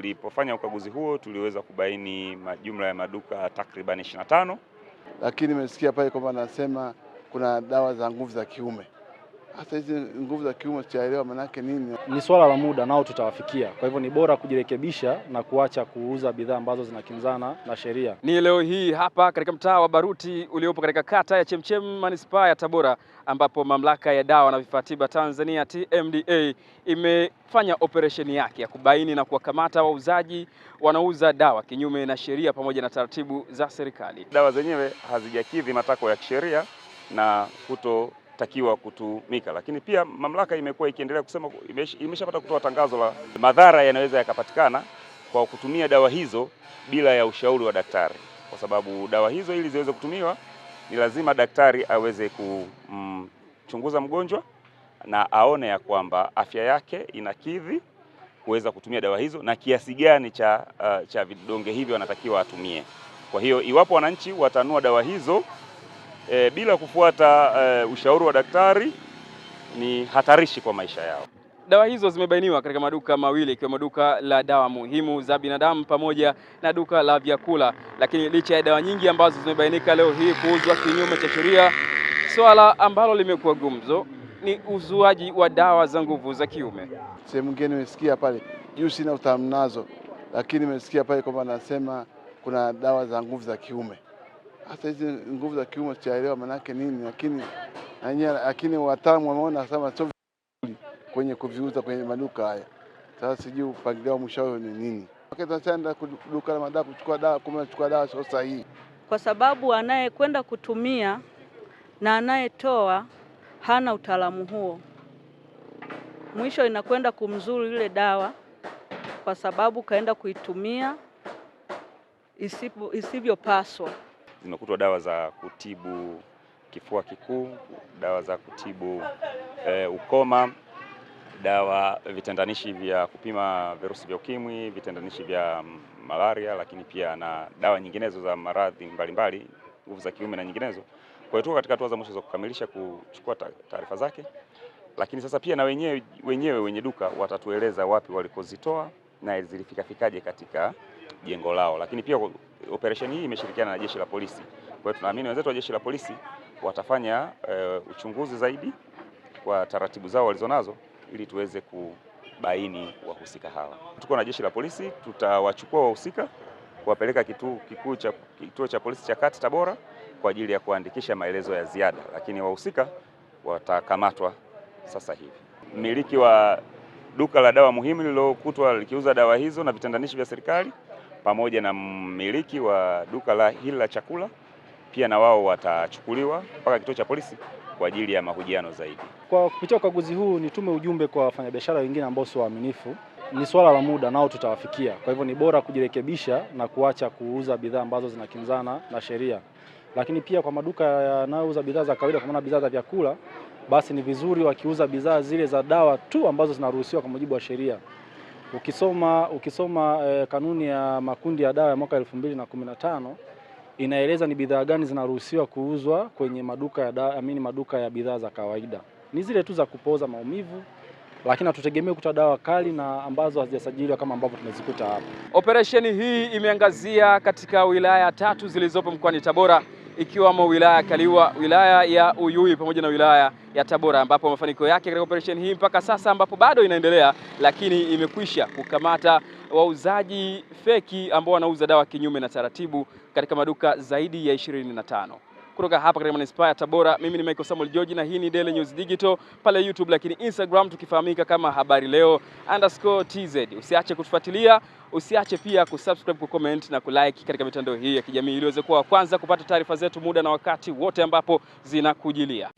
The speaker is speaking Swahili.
Tulipofanya ukaguzi huo tuliweza kubaini majumla ya maduka takriban 25, lakini nimesikia pale kwamba anasema kuna dawa za nguvu za kiume hata hizi nguvu za kiume sijaelewa yake nini. Ni swala la muda, nao tutawafikia. Kwa hivyo ni bora kujirekebisha na kuacha kuuza bidhaa ambazo zinakinzana na sheria. Ni leo hii hapa katika mtaa wa Baruti uliopo katika kata ya Chemchem manispaa ya Tabora, ambapo mamlaka ya dawa na vifaa tiba Tanzania TMDA imefanya operesheni yake ya kubaini na kuwakamata wauzaji wanauza dawa kinyume na sheria pamoja na taratibu za serikali. Dawa zenyewe hazijakidhi matakwa ya kisheria na kuto takiwa kutumika. Lakini pia mamlaka imekuwa ikiendelea kusema, imeshapata kutoa tangazo la madhara yanaweza yakapatikana kwa kutumia dawa hizo bila ya ushauri wa daktari, kwa sababu dawa hizo ili ziweze kutumiwa ni lazima daktari aweze kumchunguza mgonjwa na aone ya kwamba afya yake inakidhi kuweza kutumia dawa hizo na kiasi gani cha, uh, cha vidonge hivyo anatakiwa atumie. Kwa hiyo iwapo wananchi watanua dawa hizo e, bila kufuata e, ushauri wa daktari ni hatarishi kwa maisha yao. Dawa hizo zimebainiwa katika maduka mawili ikiwemo duka la dawa muhimu za binadamu pamoja na duka la vyakula. Lakini licha ya dawa nyingi ambazo zimebainika leo hii kuuzwa kinyume cha sheria, swala ambalo limekuwa gumzo ni uzuaji wa dawa za nguvu za kiume. Sehemu nyingine nimesikia pale juu, sina utamnazo nazo, lakini nimesikia pale kwamba nasema kuna dawa za nguvu za kiume hasa hizi nguvu za kiume sijaelewa yake nini, lakini lakini wataalamu wameona sema sio vizuri kwenye kuviuza kwenye maduka haya. Sasa sijui upangilio wa mshauri ni nini, enda duka la madawa kuchukua dawa, kumbe anachukua dawa sio sahihi, kwa sababu anayekwenda kutumia na anayetoa hana utaalamu huo, mwisho inakwenda kumzuru ile dawa, kwa sababu kaenda kuitumia isivyopaswa zimekutwa dawa za kutibu kifua kikuu, dawa za kutibu e, ukoma, dawa vitendanishi vya kupima virusi vya ukimwi, vitendanishi vya malaria, lakini pia na dawa nyinginezo za maradhi mbalimbali, nguvu za kiume na nyinginezo. Kwa hiyo tuko katika hatua za mwisho za kukamilisha kuchukua taarifa zake, lakini sasa pia na wenyewe wenyewe wenye duka watatueleza wapi walikozitoa na zilifikafikaje katika jengo lao. Lakini pia operesheni hii imeshirikiana na jeshi la polisi, kwa hiyo tunaamini wenzetu wa jeshi la polisi watafanya e, uchunguzi zaidi kwa taratibu zao walizonazo ili tuweze kubaini wahusika hawa. Tuko na jeshi la polisi, tutawachukua wahusika kuwapeleka kituo kikuu cha kituo cha polisi cha kati Tabora kwa ajili ya kuandikisha maelezo ya ziada, lakini wahusika watakamatwa sasa hivi. Mmiliki wa duka la dawa muhimu lililokutwa likiuza dawa hizo na vitandanishi vya serikali pamoja na mmiliki wa duka la hili la chakula pia na wao watachukuliwa mpaka kituo cha polisi kwa ajili ya mahojiano zaidi. Kwa kupitia ukaguzi huu, nitume ujumbe kwa wafanyabiashara wengine ambao sio waaminifu, ni swala la muda, nao tutawafikia. Kwa hivyo ni bora kujirekebisha na kuacha kuuza bidhaa ambazo zinakinzana na sheria, lakini pia kwa maduka yanayouza bidhaa za kawaida, kwa maana bidhaa za vyakula basi ni vizuri wakiuza bidhaa zile za dawa tu ambazo zinaruhusiwa kwa mujibu wa sheria. Ukisoma, ukisoma eh, kanuni ya makundi ya dawa ya mwaka elfu mbili na inaeleza ni bidhaa gani zinaruhusiwa kuuzwa kwenye maduka ya dawa, amini maduka ya bidhaa za kawaida ni zile tu za kupoza maumivu, lakini hatutegemei kuta dawa kali na ambazo hazijasajiliwa kama ambavyo tumezikuta hapa. Operesheni hii imeangazia katika wilaya tatu zilizopo mkoani Tabora ikiwamo wilaya Kaliua, wilaya ya Uyui pamoja na wilaya ya Tabora, ambapo mafanikio yake katika operesheni hii mpaka sasa, ambapo bado inaendelea, lakini imekwisha kukamata wauzaji feki ambao wanauza dawa kinyume na taratibu katika maduka zaidi ya 25 kutoka hapa katika manispaa ya Tabora. Mimi ni Michael Samuel George na hii ni Daily News Digital pale YouTube, lakini Instagram tukifahamika kama habari leo underscore tz. Usiache kutufuatilia, usiache pia kusubscribe, kucomment na kulike katika mitandao hii ya kijamii ili uweze kuwa wa kwanza kupata taarifa zetu muda na wakati wote ambapo zinakujilia.